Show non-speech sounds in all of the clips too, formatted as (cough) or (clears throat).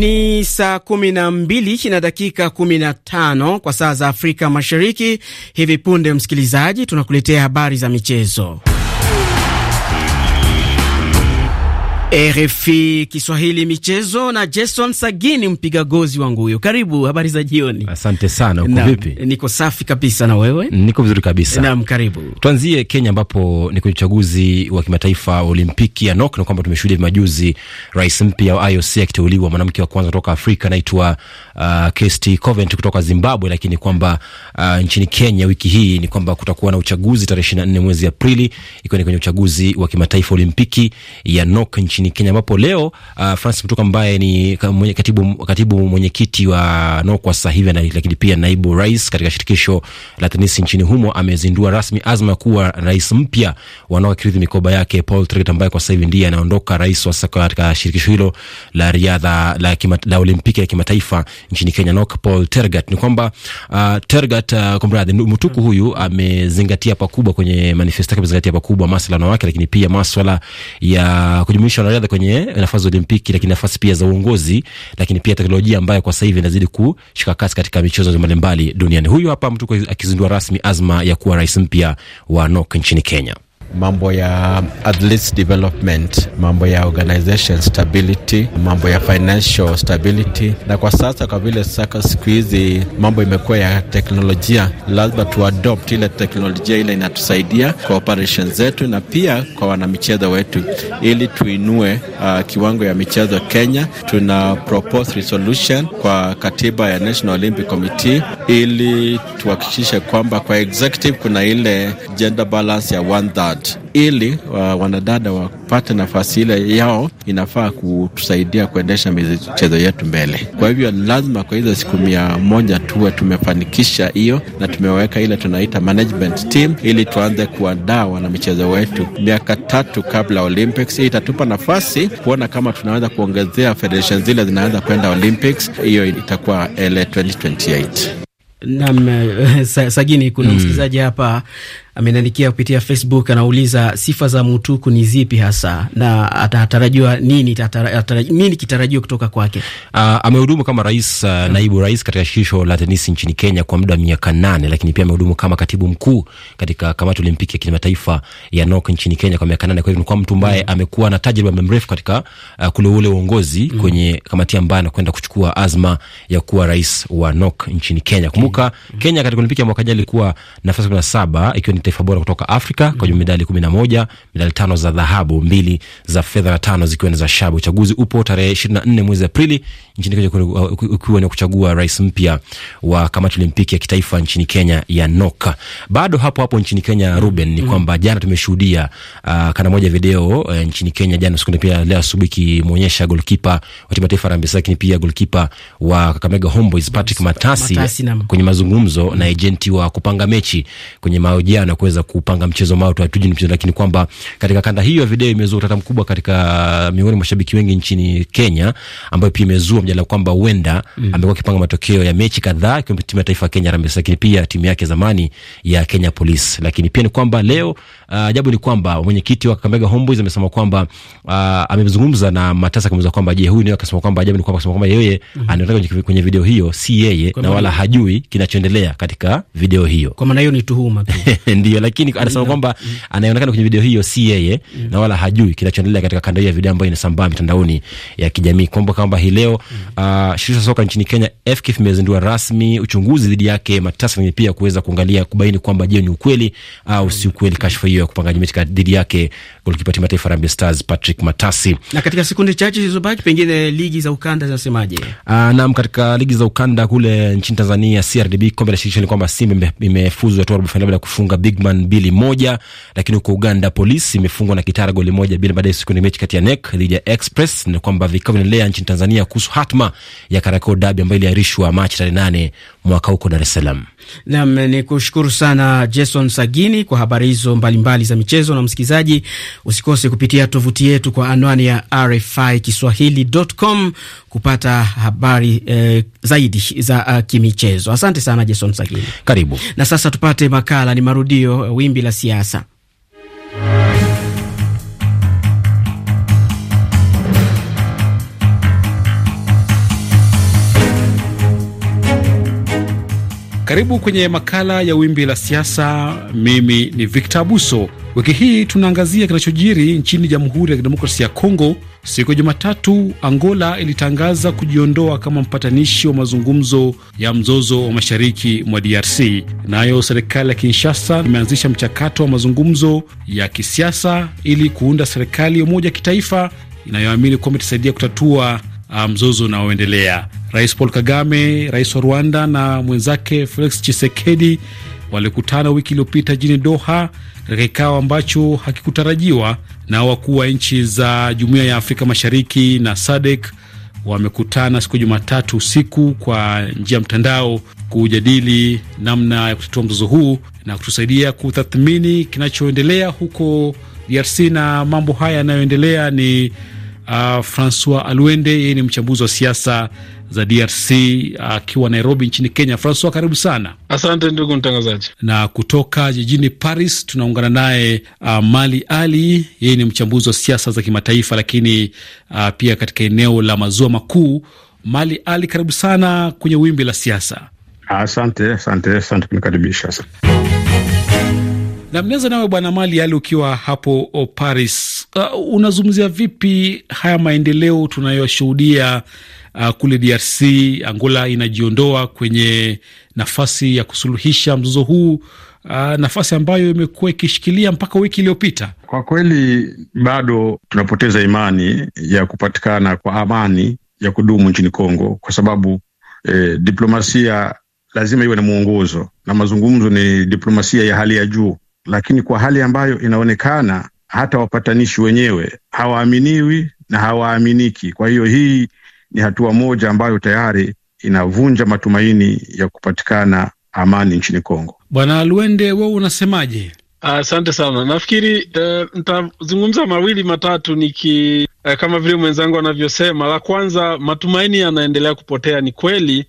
Ni saa kumi na mbili na dakika kumi na tano kwa saa za Afrika Mashariki. Hivi punde, msikilizaji, tunakuletea habari za michezo. RFI Kiswahili michezo na Jason Sagini, mpiga gozi wangu huyo. Karibu, habari za jioni. Asante sana, uko vipi? Niko safi kabisa, na wewe? Niko vizuri kabisa. Naam, karibu. Tuanzie Kenya ambapo ni kwenye uchaguzi wa kimataifa wa Olimpiki ya NOK, na kwamba tumeshuhudia majuzi rais mpya wa IOC akiteuliwa, mwanamke wa kwanza kutoka Afrika anaitwa uh, Kesti Covent kutoka Zimbabwe, lakini kwamba uh, nchini Kenya wiki hii ni kwamba kutakuwa na uchaguzi tarehe 24 mwezi Aprili, ikiwa ni kwenye uchaguzi wa kimataifa Olimpiki ya NOK nchini nchini Kenya, ambapo leo uh, Francis Mtuka ambaye ni katibu, katibu mwenyekiti wa kwa sasa hivi, lakini pia naibu rais katika shirikisho la tenisi nchini humo, amezindua rasmi azma ya kuwa rais mpya wanaokirithi mikoba yake Paul Tret, ambaye kwa sasa hivi ndiye anaondoka rais wa sasa katika shirikisho hilo la riadha la, kima, la olimpiki ya kimataifa nchini Kenya, NOC Paul Tergat. Ni kwamba uh, Tergat uh, kumradhi, Mtuku huyu amezingatia pakubwa kwenye manifesto yake, amezingatia pakubwa masuala wanawake, lakini pia maswala ya kujumuisha wanariadha kwenye nafasi za Olimpiki, lakini nafasi pia za uongozi, lakini pia teknolojia ambayo kwa sasa hivi inazidi kushika kasi katika michezo mbalimbali duniani. Huyu hapa mtu akizindua rasmi azma ya kuwa rais mpya wa NOK nchini Kenya mambo ya athletes development, mambo ya organization stability, mambo ya financial stability. Na kwa sasa kwa vile saka siku hizi mambo imekuwa ya teknolojia, lazima tuadopt ile teknolojia ile inatusaidia kwa operation zetu na pia kwa wanamichezo wetu, ili tuinue uh, kiwango ya michezo Kenya. Tuna propose resolution kwa katiba ya National Olympic Committee ili tuhakikishe kwamba kwa executive kuna ile gender balance ya one third But ili wa uh, wanadada wapate nafasi ile yao, inafaa kutusaidia kuendesha michezo yetu mbele. Kwa hivyo lazima kwa hizo siku mia moja tuwe tumefanikisha hiyo, na tumeweka ile tunaita management team ili tuanze kuandaa wanamichezo wetu miaka tatu kabla Olympics. Hii itatupa nafasi kuona kama tunaweza kuongezea federation zile zinaweza kwenda Olympics. Hiyo itakuwa l 2028. Nam eh, (laughs) Sagini, kuna hmm. msikilizaji mm, hapa ameniandikia kupitia Facebook, anauliza sifa za Mutuku ni zipi hasa na atatarajiwa nini, nini kitarajiwa kutoka kwake? Uh, amehudumu kama rais uh, naibu rais katika shirisho la tenisi nchini Kenya kwa muda wa miaka nane, lakini pia amehudumu kama katibu mkuu katika kamati olimpiki ya kimataifa ya NOK nchini Kenya kwa miaka nane. Kwa hivyo ni kwa mtu ambaye mm, amekuwa na tajriba mrefu katika uh, kule ule uongozi mm, kwenye kamati ambayo anakwenda kuchukua azma ya kuwa rais wa NOK nchini Kenya. Kumbuka mm, Kenya katika olimpiki ya mwaka jana ilikuwa nafasi kumi na saba ikiwa ni mataifa bora kutoka Afrika mm -hmm. kwenye medali kumi na moja, medali tano za dhahabu, mbili za fedha na tano zikiwa ni za shaba. Uchaguzi upo tarehe ishirini na nne mwezi Aprili nchini Kenya, ukiwa ni kuchagua rais mpya wa kamati olimpiki ya kitaifa nchini Kenya ya NOKA. Bado hapo hapo nchini Kenya, Ruben, ni mhm. kwamba jana tumeshuhudia uh, kana moja video uh, nchini Kenya jana usiku, pia leo asubuhi ikimwonyesha golkipa wa timu ya taifa Harambee Stars, lakini pia golkipa wa Kakamega Homeboys Patrick Matasi, Matasi kwenye mazungumzo na ejenti wa kupanga mechi kwenye mahojiano na kuweza kupanga mchezo mao, tuatuji ni mchezo, lakini kwamba katika kanda hiyo ya video imezua utata mkubwa katika miongoni mwa mashabiki wengi nchini Kenya, ambayo pia imezua mjadala kwamba huenda mm, amekuwa akipanga matokeo ya mechi kadhaa kwa timu ya taifa ya Kenya Harambee, lakini pia timu yake zamani ya Kenya Police. Lakini pia ni kwamba leo uh, ajabu uh, ni kwamba mwenyekiti wa Kakamega Homeboys amesema kwamba uh, amezungumza na Matasa kumweleza kwamba je, huyu ndio akasema kwamba ajabu ni kwamba akasema kwamba yeye mm, anataka kwenye video hiyo si yeye kwa na wala hajui kinachoendelea katika video hiyo. Kwa maana hiyo ni tuhuma pia (laughs) ndio, lakini anasema kwamba mm-hmm. anayeonekana kwenye video hiyo si yeye mm. na wala hajui kinachoendelea katika kanda ya video ambayo inasambaa mitandaoni ya kijamii. Kumbuka kwamba hii leo mm. uh, shirika soka nchini Kenya FKF imezindua rasmi uchunguzi dhidi yake matasa yenye pia kuweza kuangalia kubaini kwamba je, ni ukweli au si ukweli kashfa hiyo ya kupanga miti dhidi yake golkipa timu ya taifa Harambee Stars Patrick Matasi. Na katika sekunde chache zilizobaki, pengine ligi za ukanda zinasemaje? Ah, naam, katika ligi za ukanda kule nchini Tanzania CRDB kombe la shirikisho ni kwamba Simba imefuzu hatua robo fainali baada ya kufunga Bigman mbili moja, lakini huko Uganda Polisi imefungwa na Kitara goli moja bila baadaye siku ni mechi kati ya NEC dhidi ya Express. Ni kwamba vikao vinaendelea nchini Tanzania kuhusu hatma ya Kariakoo Derby ambayo iliahirishwa Machi tarehe nane mwaka huko Dar es Salaam. Nam ni kushukuru sana Jason Sagini kwa habari hizo mbalimbali za michezo. Na msikilizaji, usikose kupitia tovuti yetu kwa anwani ya RFI Kiswahili.com kupata habari eh, zaidi za uh, kimichezo. Asante sana Jason Sagini, karibu. Na sasa tupate makala, ni marudio, wimbi la siasa. Karibu kwenye makala ya wimbi la siasa. Mimi ni Victor Abuso. Wiki hii tunaangazia kinachojiri nchini Jamhuri ya Kidemokrasia ya Kongo. Siku ya Jumatatu, Angola ilitangaza kujiondoa kama mpatanishi wa mazungumzo ya mzozo wa mashariki mwa DRC. Nayo serikali ya Kinshasa imeanzisha mchakato wa mazungumzo ya kisiasa ili kuunda serikali ya umoja kitaifa inayoamini kwamba itasaidia kutatua Ah, mzozo unaoendelea. Rais Paul Kagame, rais wa Rwanda na mwenzake Felix Tshisekedi walikutana wiki iliyopita jini Doha katika kikao ambacho hakikutarajiwa, na wakuu wa nchi za Jumuiya ya Afrika Mashariki na SADC wamekutana siku ya Jumatatu usiku kwa njia ya mtandao kujadili namna ya kutatua mzozo huu na kutusaidia kutathmini kinachoendelea huko DRC. Na mambo haya yanayoendelea ni uh, Francois Alwende, yeye ni mchambuzi wa siasa za DRC akiwa uh, Nairobi nchini Kenya. Francois, karibu sana. Asante ndugu mtangazaji. Na kutoka jijini Paris tunaungana naye uh, Mali Ali, yeye ni mchambuzi wa siasa za kimataifa, lakini uh, pia katika eneo la maziwa makuu. Mali Ali, karibu sana kwenye wimbi la siasa. Asante, asante, asante kunikaribisha. Na mnaweza nawe Bwana Mali yale ukiwa hapo Paris, uh, unazungumzia vipi haya maendeleo tunayoshuhudia uh, kule DRC? Angola inajiondoa kwenye nafasi ya kusuluhisha mzozo huu. Uh, nafasi ambayo imekuwa ikishikilia mpaka wiki iliyopita. Kwa kweli bado tunapoteza imani ya kupatikana kwa amani ya kudumu nchini Kongo kwa sababu eh, diplomasia lazima iwe na mwongozo na mazungumzo ni diplomasia ya hali ya juu lakini kwa hali ambayo inaonekana hata wapatanishi wenyewe hawaaminiwi na hawaaminiki. Kwa hiyo hii ni hatua moja ambayo tayari inavunja matumaini ya kupatikana amani nchini Kongo. Bwana Luende, wewe unasemaje? Asante uh, sana. Nafikiri uh, nitazungumza mawili matatu niki uh, kama vile mwenzangu anavyosema. La kwanza, matumaini yanaendelea kupotea, ni kweli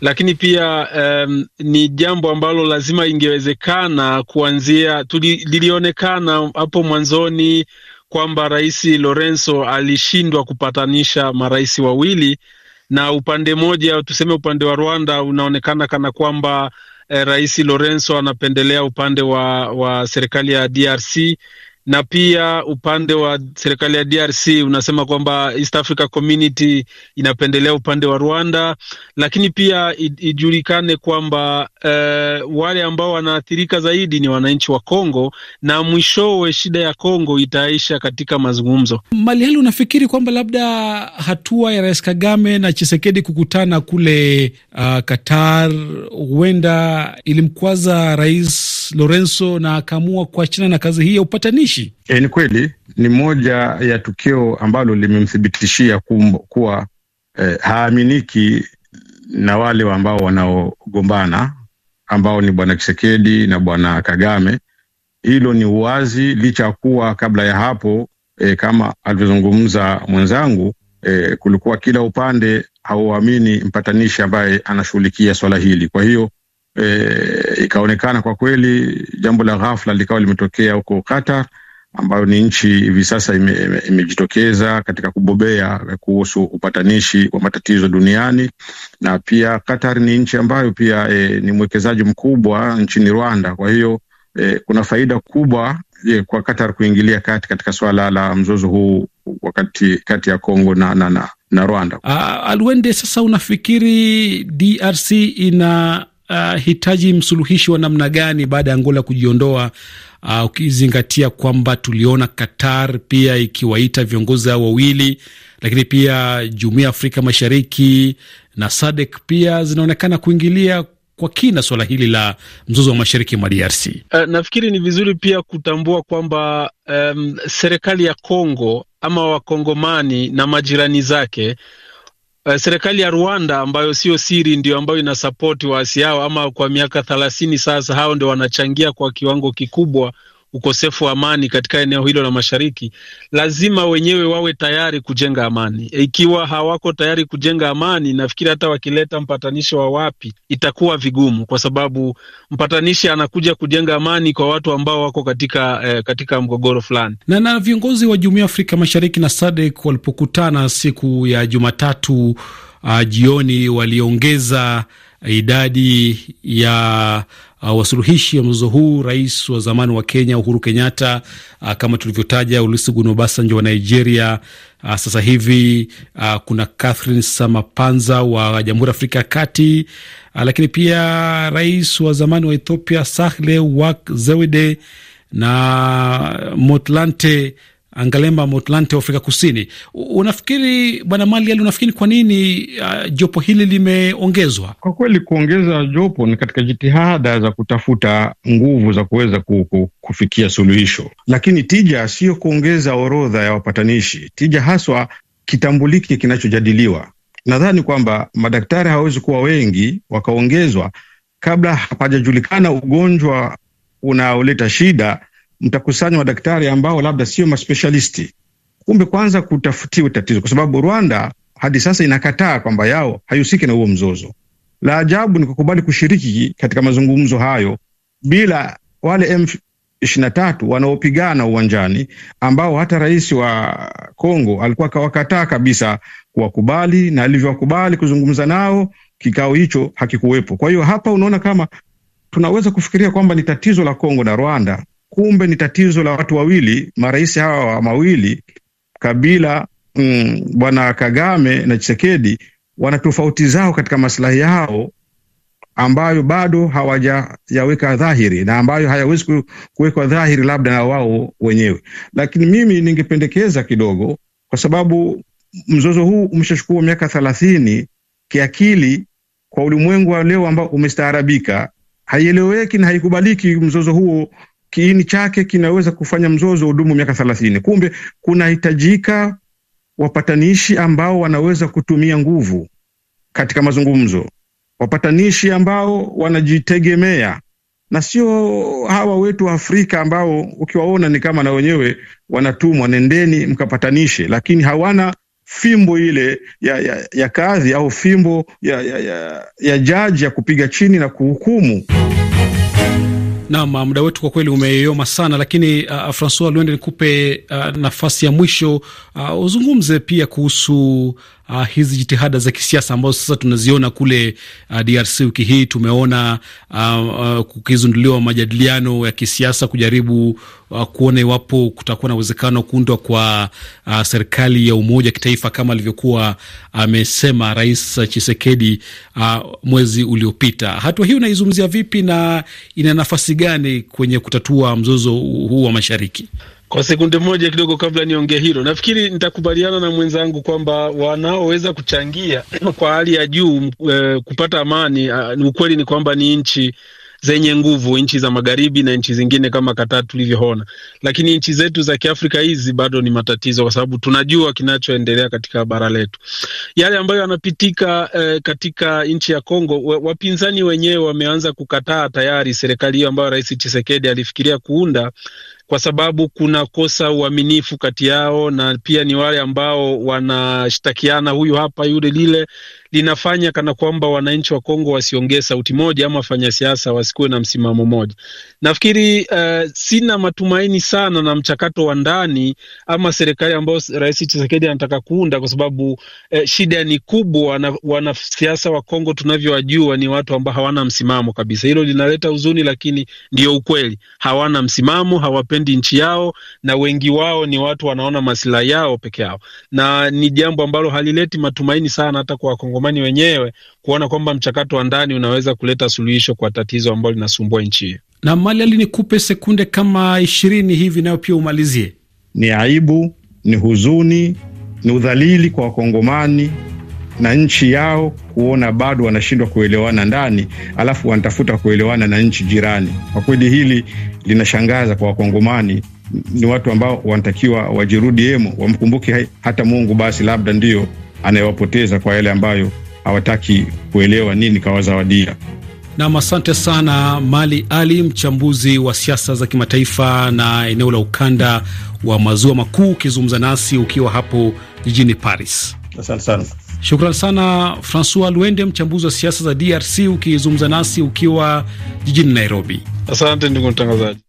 lakini pia um, ni jambo ambalo lazima ingewezekana kuanzia tuli, lilionekana hapo mwanzoni kwamba Rais Lorenzo alishindwa kupatanisha marais wawili, na upande mmoja tuseme, upande wa Rwanda unaonekana kana kwamba eh, Rais Lorenzo anapendelea upande wa, wa serikali ya DRC na pia upande wa serikali ya DRC unasema kwamba East Africa Community inapendelea upande wa Rwanda, lakini pia ijulikane kwamba uh, wale ambao wanaathirika zaidi ni wananchi wa Kongo, na mwishowe shida ya Kongo itaisha katika mazungumzo. Mali hali unafikiri kwamba labda hatua ya Rais Kagame na Chisekedi kukutana kule uh, Qatar huenda ilimkwaza rais Lorenzo na akaamua kuachana na kazi hii ya upatanishi. E, ni kweli ni moja ya tukio ambalo limemthibitishia kuwa eh, haaminiki na wale ambao wanaogombana ambao ni bwana Kisekedi na bwana Kagame. Hilo ni uwazi, licha ya kuwa kabla ya hapo eh, kama alivyozungumza mwenzangu eh, kulikuwa kila upande hauamini mpatanishi ambaye anashughulikia swala hili. Kwa hiyo e, ikaonekana kwa kweli jambo la ghafla likawa limetokea huko Qatar, ambayo ni nchi hivi sasa imejitokeza ime, katika kubobea kuhusu upatanishi wa matatizo duniani, na pia Qatar ni nchi ambayo pia e, ni mwekezaji mkubwa nchini Rwanda. Kwa hiyo e, kuna faida kubwa e, kwa Qatar kuingilia kati katika swala la mzozo huu wakati kati ya Kongo na, na, na, na Rwanda. Ah, Alwende, sasa unafikiri DRC ina hitaji msuluhishi wa namna gani baada ya Angola kujiondoa, uh, ukizingatia kwamba tuliona Qatar pia ikiwaita viongozi hao wawili, lakini pia Jumuiya ya Afrika Mashariki na SADC pia zinaonekana kuingilia kwa kina suala hili la mzozo wa mashariki mwa DRC. Uh, eh, nafikiri ni vizuri pia kutambua kwamba um, serikali ya Kongo ama wakongomani na majirani zake uh, serikali ya Rwanda ambayo sio siri ndio ambayo inasapoti waasi hao ama kwa miaka thelathini sasa, hao ndio wanachangia kwa kiwango kikubwa ukosefu wa amani katika eneo hilo la mashariki, lazima wenyewe wawe tayari kujenga amani. Ikiwa hawako tayari kujenga amani, nafikiri hata wakileta mpatanishi wa wapi itakuwa vigumu, kwa sababu mpatanishi anakuja kujenga amani kwa watu ambao wako katika, eh, katika mgogoro fulani. Na na viongozi wa Jumuiya ya Afrika Mashariki na SADC walipokutana siku ya Jumatatu uh, jioni waliongeza idadi ya uh, wasuluhishi wa mzozo huu, rais wa zamani wa Kenya Uhuru Kenyatta, uh, kama tulivyotaja Olusegun Obasanjo wa Nigeria, uh, sasa hivi uh, kuna Catherine Samapanza wa Jamhuri ya Afrika ya Kati, uh, lakini pia rais wa zamani wa Ethiopia Sahle Work Zewde na Motlante Angalemba Motlante wa Afrika Kusini. Unafikiri Bwana Mali Ali, unafikiri kwa nini uh, jopo hili limeongezwa? Kwa kweli kuongeza jopo ni katika jitihada za kutafuta nguvu za kuweza kufikia suluhisho, lakini tija siyo kuongeza orodha ya wapatanishi. Tija haswa kitambuliki kinachojadiliwa. Nadhani kwamba madaktari hawawezi kuwa wengi wakaongezwa kabla hapajajulikana ugonjwa unaoleta shida mtakusanya madaktari ambao labda sio maspeshalisti. Kumbe kwanza kutafutiwe tatizo, kwa sababu Rwanda hadi sasa inakataa kwamba yao haihusiki na huo mzozo. La ajabu ni kukubali kushiriki katika mazungumzo hayo bila wale M23 wanaopigana uwanjani, ambao hata rais wa Kongo alikuwa kawakataa kabisa kuwakubali, na alivyowakubali kuzungumza nao kikao hicho hakikuwepo. Kwa hiyo hapa unaona kama tunaweza kufikiria kwamba ni tatizo la Kongo na Rwanda kumbe ni tatizo la watu wawili, marais hawa mawili Kabila, mm, bwana Kagame na Chisekedi wana tofauti zao katika maslahi yao ambayo bado hawajayaweka dhahiri na ambayo hayawezi kuwekwa dhahiri labda na wao wenyewe. Lakini mimi ningependekeza kidogo, kwa sababu mzozo huu umeshachukua miaka thelathini. Kiakili, kwa ulimwengu wa leo ambao umestaarabika, haieleweki na haikubaliki mzozo huo kiini chake kinaweza kufanya mzozo udumu miaka thelathini. Kumbe kunahitajika wapatanishi ambao wanaweza kutumia nguvu katika mazungumzo, wapatanishi ambao wanajitegemea na sio hawa wetu wa Afrika ambao ukiwaona ni kama na wenyewe wanatumwa, nendeni mkapatanishe, lakini hawana fimbo ile ya, ya, ya kadhi au fimbo ya, ya, ya, ya jaji ya kupiga chini na kuhukumu. Naam, muda wetu kwa kweli umeyoma sana, lakini uh, uh Francois Luende, nikupe uh, nafasi ya mwisho uh, uzungumze pia kuhusu uh, hizi jitihada za kisiasa ambazo sasa tunaziona kule uh, ah, DRC. Wiki hii tumeona uh, ah, uh, kukizinduliwa majadiliano ya kisiasa kujaribu uh, kuona iwapo kutakuwa na uwezekano kuundwa kwa uh, serikali ya umoja kitaifa kama alivyokuwa amesema uh, Rais Chisekedi uh, mwezi uliopita. Hatua hii unaizungumzia vipi na ina nafasi gani kwenye kutatua mzozo huu wa mashariki? Kwa sekunde moja kidogo, kabla niongee hilo, nafikiri nitakubaliana na mwenzangu kwamba wanaoweza kuchangia (clears throat) kwa hali ya juu e, kupata amani a, ah, ukweli ni kwamba ni nchi zenye nguvu, nchi za magharibi na nchi zingine kama Kataa tulivyoona, lakini nchi zetu za Kiafrika hizi bado ni matatizo, kwa sababu tunajua kinachoendelea katika bara letu, yale ambayo yanapitika eh, katika nchi ya Kongo. Wapinzani wenyewe wameanza kukataa tayari serikali hiyo ambayo Rais Tshisekedi alifikiria kuunda kwa sababu kuna kosa uaminifu kati yao, na pia ni wale ambao wanashtakiana, huyu hapa yule lile, linafanya kana kwamba wananchi wa Kongo wasiongee sauti moja ama wafanya siasa wasikuwe na msimamo mmoja. Nafikiri uh, sina matumaini sana na mchakato wa ndani ama serikali ambayo Rais Tshisekedi anataka kuunda, kwa sababu uh, shida ni kubwa. Wanasiasa wa Kongo tunavyowajua ni watu ambao hawana msimamo kabisa. Hilo linaleta huzuni, lakini ndio ukweli. Hawana msimamo, hawapendi nchi yao, na wengi wao ni watu wanaona masilahi yao peke yao, na ni jambo ambalo halileti matumaini sana hata kwa Kongo Wakongomani wenyewe kuona kwamba mchakato wa ndani unaweza kuleta suluhisho kwa tatizo ambalo linasumbua nchi hiyo. Na mali ali nikupe sekunde kama ishirini hivi, nayo pia umalizie. Ni aibu, ni huzuni, ni udhalili kwa wakongomani na nchi yao kuona bado wanashindwa kuelewana ndani, alafu wanatafuta kuelewana na nchi jirani. Kwa kweli hili linashangaza kwa wakongomani. Ni watu ambao wanatakiwa wajirudi emo, wamkumbuke hata Mungu basi, labda ndio anayewapoteza kwa yale ambayo hawataki kuelewa nini kawazawadia. Nam, asante sana Mali Ali, mchambuzi wa siasa za kimataifa na eneo la ukanda wa maziwa makuu, ukizungumza nasi ukiwa hapo jijini Paris. Asante sana. Shukran sana Francois Luende, mchambuzi wa siasa za DRC, ukizungumza nasi ukiwa jijini Nairobi. Asante ndugu mtangazaji.